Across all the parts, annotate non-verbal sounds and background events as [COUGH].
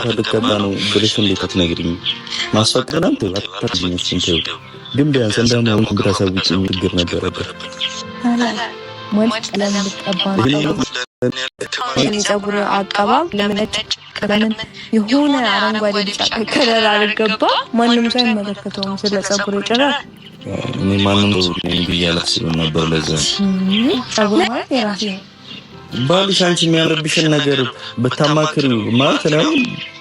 ሳትገባ ነው ብልሽ እንዴት አትነግሪኝ? ማስፈቀዳን ተባታችን ተው ግን ቢያንስ እንደማሁን ኮንግራሳ ውጭ ችግር ነበረበት። ጸጉር አቀባብ ለምነጭ ቀለምን የሆነ አረንጓዴ ቢጫ ከለር አልገባ ማንም ሰው አይመለከተውም። ስለ ፀጉር እኔ ማንም ብዬ አላስብም ነበር። ለዛ ጸጉር ማለት የራሴ ነው ባልሽ አንቺ የሚያምርብሽን ነገር ብታማክሪው ማለት ነው።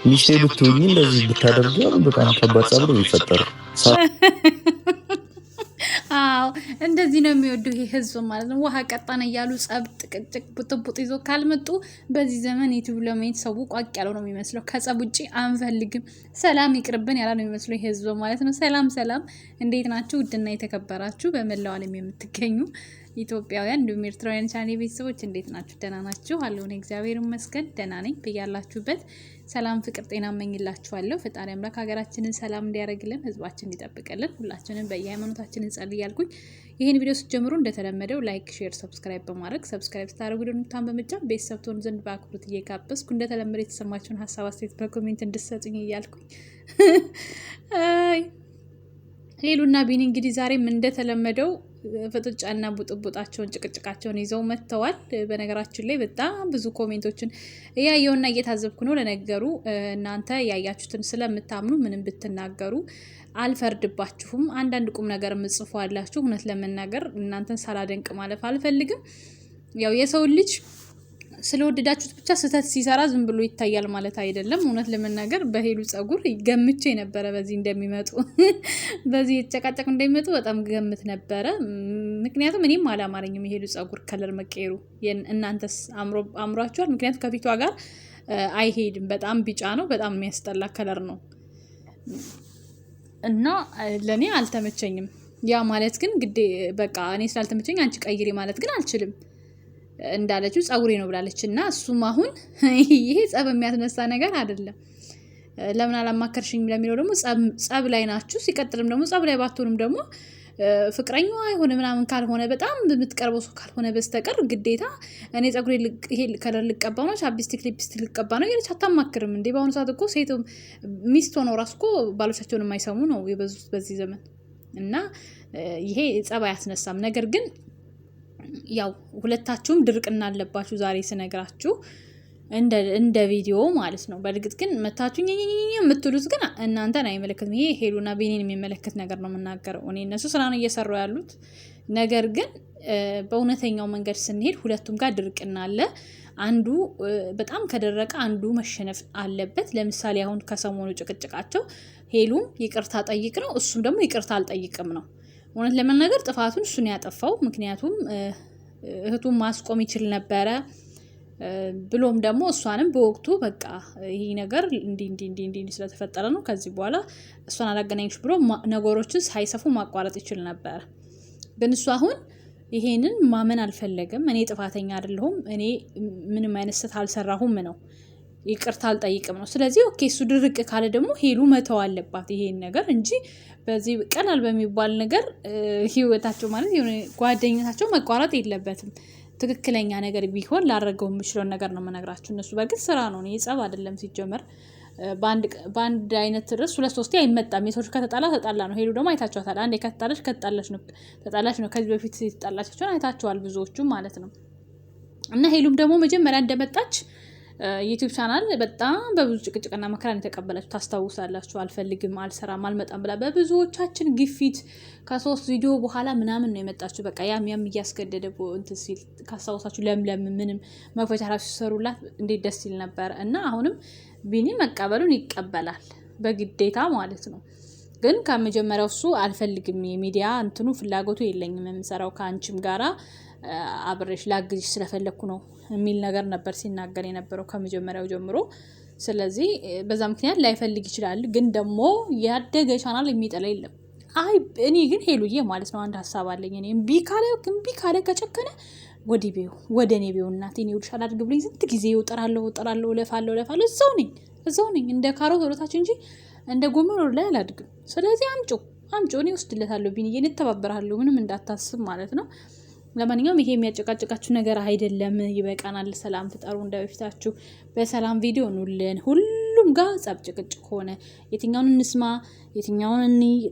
ሚስቴ ብትሆኝ እንደዚህ ብታደርጊ በጣም ከባድ ጸብ ነው [LAUGHS] አዎ እንደዚህ ነው የሚወዱ ይሄ ህዝብ ማለት ነው። ውሃ ቀጣን እያሉ ጸብ፣ ጥቅጭቅ፣ ቡጥቡጥ ይዞ ካልመጡ በዚህ ዘመን የትብ ለማየት ሰው ቋቅ ያለው ነው የሚመስለው። ከጸብ ውጭ አንፈልግም፣ ሰላም ይቅርብን ያለ ነው የሚመስለው ይሄ ህዝብ ማለት ነው። ሰላም ሰላም፣ እንዴት ናችሁ? ውድና የተከበራችሁ በመላው ዓለም የምትገኙ ኢትዮጵያውያን እንዲሁም ኤርትራውያን ቻኔ ቤተሰቦች እንዴት ናችሁ? ደህና ናችሁ? አለሁን እግዚአብሔር ይመስገን ደህና ነኝ። ብያላችሁበት ሰላም፣ ፍቅር፣ ጤና እመኝላችኋለሁ። ፈጣሪ አምላክ ሀገራችንን ሰላም እንዲያደርግልን፣ ህዝባችን እንዲጠብቅልን ሁላችንም በየሃይማኖታችን እንጸልይ እያልኩኝ ይህን ቪዲዮ ስትጀምሩ እንደተለመደው ላይክ፣ ሼር፣ ሰብስክራይብ በማድረግ ሰብስክራይብ ስታደርጉ ደኑታን በመጫን ቤተሰብ ትሆኑ ዘንድ በአክብሮት እየጋበዝኩ እንደተለመደው የተሰማችሁን ሀሳብ አስተያየት በኮሜንት እንድሰጡኝ እያልኩኝ ሄሉና [LAUGHS] ቢኒ እንግዲህ ዛሬም እንደተለመደው ፍጥጫና ቡጥቡጣቸውን ጭቅጭቃቸውን ይዘው መጥተዋል። በነገራችን ላይ በጣም ብዙ ኮሜንቶችን እያየውና እየታዘብኩ ነው። ለነገሩ እናንተ ያያችሁትን ስለምታምኑ ምንም ብትናገሩ አልፈርድባችሁም። አንዳንድ ቁም ነገር ምጽፎ አላችሁ። እውነት ለመናገር እናንተን ሳላደንቅ ማለፍ አልፈልግም። ያው የሰው ልጅ ስለወደዳችሁት ብቻ ስህተት ሲሰራ ዝም ብሎ ይታያል ማለት አይደለም። እውነት ለመናገር በሄሉ ጸጉር ገምቼ ነበረ በዚህ እንደሚመጡ [LAUGHS] በዚህ የተጨቃጨቁ እንደሚመጡ በጣም ገምት ነበረ። ምክንያቱም እኔም አላማረኝም የሄሉ ጸጉር ከለር መቀየሩ። እናንተስ አምሯችኋል? ምክንያቱም ከፊቷ ጋር አይሄድም። በጣም ቢጫ ነው። በጣም የሚያስጠላ ከለር ነው እና ለእኔ አልተመቸኝም። ያ ማለት ግን ግዴ በቃ እኔ ስላልተመቸኝ አንቺ ቀይሬ ማለት ግን አልችልም። እንዳለችው ጸጉሬ ነው ብላለች። እና እሱም አሁን [LAUGHS] ይሄ ጸብ የሚያስነሳ ነገር አይደለም። ለምን አላማከርሽኝ ለሚለው ደግሞ ጸብ ላይ ናችሁ። ሲቀጥልም ደግሞ ጸብ ላይ ባትሆንም ደግሞ ፍቅረኛዋ የሆነ ምናምን ካልሆነ በጣም የምትቀርበው ሰው ካልሆነ በስተቀር ግዴታ እኔ ጸጉሬ ይሄ ከለር ልቀባ ነው ቻፕስቲክ ሊፕስቲክ ልቀባ ነው ያለች አታማክርም እንዴ? በአሁኑ ሰዓት እኮ ሴት ሚስት ሆነው ራሱ እኮ ባሎቻቸውን የማይሰሙ ነው የበዙት በዚህ ዘመን እና ይሄ ጸብ አያስነሳም። ነገር ግን ያው ሁለታችሁም ድርቅና አለባችሁ ዛሬ ስነግራችሁ እንደ ቪዲዮ ማለት ነው። በእርግጥ ግን መታችሁ የምትሉት ግን እናንተን አይመለከትም። ይሄ ሄሉና ቤኔን የሚመለከት ነገር ነው የምናገረው እኔ። እነሱ ስራ ነው እየሰሩ ያሉት። ነገር ግን በእውነተኛው መንገድ ስንሄድ ሁለቱም ጋር ድርቅና አለ። አንዱ በጣም ከደረቀ አንዱ መሸነፍ አለበት። ለምሳሌ አሁን ከሰሞኑ ጭቅጭቃቸው ሄሉም ይቅርታ ጠይቅ ነው፣ እሱም ደግሞ ይቅርታ አልጠይቅም ነው። እውነት ለመናገር ጥፋቱን እሱን ያጠፋው ምክንያቱም እህቱን ማስቆም ይችል ነበረ። ብሎም ደግሞ እሷንም በወቅቱ በቃ ይሄ ነገር እንዲህ ስለተፈጠረ ነው ከዚህ በኋላ እሷን አላገናኝሽ ብሎ ነገሮችን ሳይሰፉ ማቋረጥ ይችል ነበረ። ግን እሱ አሁን ይሄንን ማመን አልፈለግም። እኔ ጥፋተኛ አይደለሁም፣ እኔ ምንም አይነት ስህተት አልሰራሁም ነው ይቅርታ አልጠይቅም ነው። ስለዚህ ኦኬ እሱ ድርቅ ካለ ደግሞ ሄሉ መተው አለባት ይሄን ነገር እንጂ በዚህ ቀላል በሚባል ነገር ህይወታቸው ማለት የሆነ ጓደኝነታቸው መቋረጥ የለበትም። ትክክለኛ ነገር ቢሆን ላደረገው የምችለውን ነገር ነው መነግራችሁ። እነሱ በግል ስራ ነው የጸብ አይደለም ሲጀመር በአንድ አይነት ርዕስ ሁለት ሶስቴ አይመጣም። የሰዎች ከተጣላ ተጣላ ነው። ሄሉ ደግሞ አይታችኋታል። አንዴ ከተጣላች ከተጣላች ነው ተጣላች ነው። ከዚህ በፊት የተጣላቻቸውን አይታችኋል ብዙዎቹም ማለት ነው። እና ሄሉም ደግሞ መጀመሪያ እንደመጣች ዩቲዩብ ቻናል በጣም በብዙ ጭቅጭቅና መከራን የተቀበለችው ታስታውሳላችሁ። አልፈልግም፣ አልሰራም፣ አልመጣም ብላ በብዙዎቻችን ግፊት ከሶስት ቪዲዮ በኋላ ምናምን ነው የመጣችሁ። በቃ ያም ያም እያስገደደ እንትን ሲል ካስታውሳችሁ፣ ለምለም ምንም መክፈቻ ራሱ ሲሰሩላት እንዴት ደስ ይል ነበር። እና አሁንም ቢኒ መቀበሉን ይቀበላል በግዴታ ማለት ነው። ግን ከመጀመሪያው እሱ አልፈልግም የሚዲያ እንትኑ ፍላጎቱ የለኝም የምሰራው ከአንቺም ጋራ አብሬሽ ላግዥሽ ስለፈለግኩ ነው የሚል ነገር ነበር ሲናገር የነበረው ከመጀመሪያው ጀምሮ። ስለዚህ በዛ ምክንያት ላይፈልግ ይችላል። ግን ደግሞ ያደገ ቻናል የሚጠላ የለም። አይ እኔ ግን ሄሉዬ ማለት ነው አንድ ሀሳብ አለኝ። እኔ እምቢ ካለ እምቢ ካለ ከጨከነ ወደ ቤው ወደ እኔ ቤው እናቴ እኔ ውድሻል አድርግ ብለኝ ስንት ጊዜ እጥራለሁ እጥራለሁ እለፋለሁ እለፋለሁ። እዛው ነኝ እዛው ነኝ እንደ ካሮት ወደታች እንጂ እንደ ጎመን ወደ ላይ አላድግም። ስለዚህ አምጮ አምጮ እኔ ወስድለታለሁ፣ ቢንዬ እንተባበራለሁ፣ ምንም እንዳታስብ ማለት ነው። ለማንኛውም ይሄ የሚያጨቃጭቃችሁ ነገር አይደለም። ይበቃናል። ሰላም ትጠሩ እንደበፊታችሁ በሰላም ቪዲዮ ኑልን። ሁሉም ጋር ጸብ፣ ጭቅጭቅ ሆነ። የትኛውን እንስማ፣ የትኛውን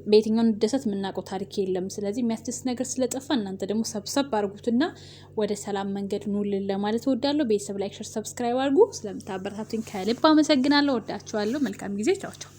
በየትኛውን ደሰት የምናውቀው ታሪክ የለም። ስለዚህ የሚያስደስት ነገር ስለጠፋ እናንተ ደግሞ ሰብሰብ አድርጉትና ወደ ሰላም መንገድ ኑልን ለማለት እወዳለሁ። ቤተሰብ ላይክ፣ ሸር፣ ሰብስክራይብ አድርጉ። ስለምታበረታቱኝ ከልብ አመሰግናለሁ። ወዳችኋለሁ። መልካም ጊዜ። ቻውቻው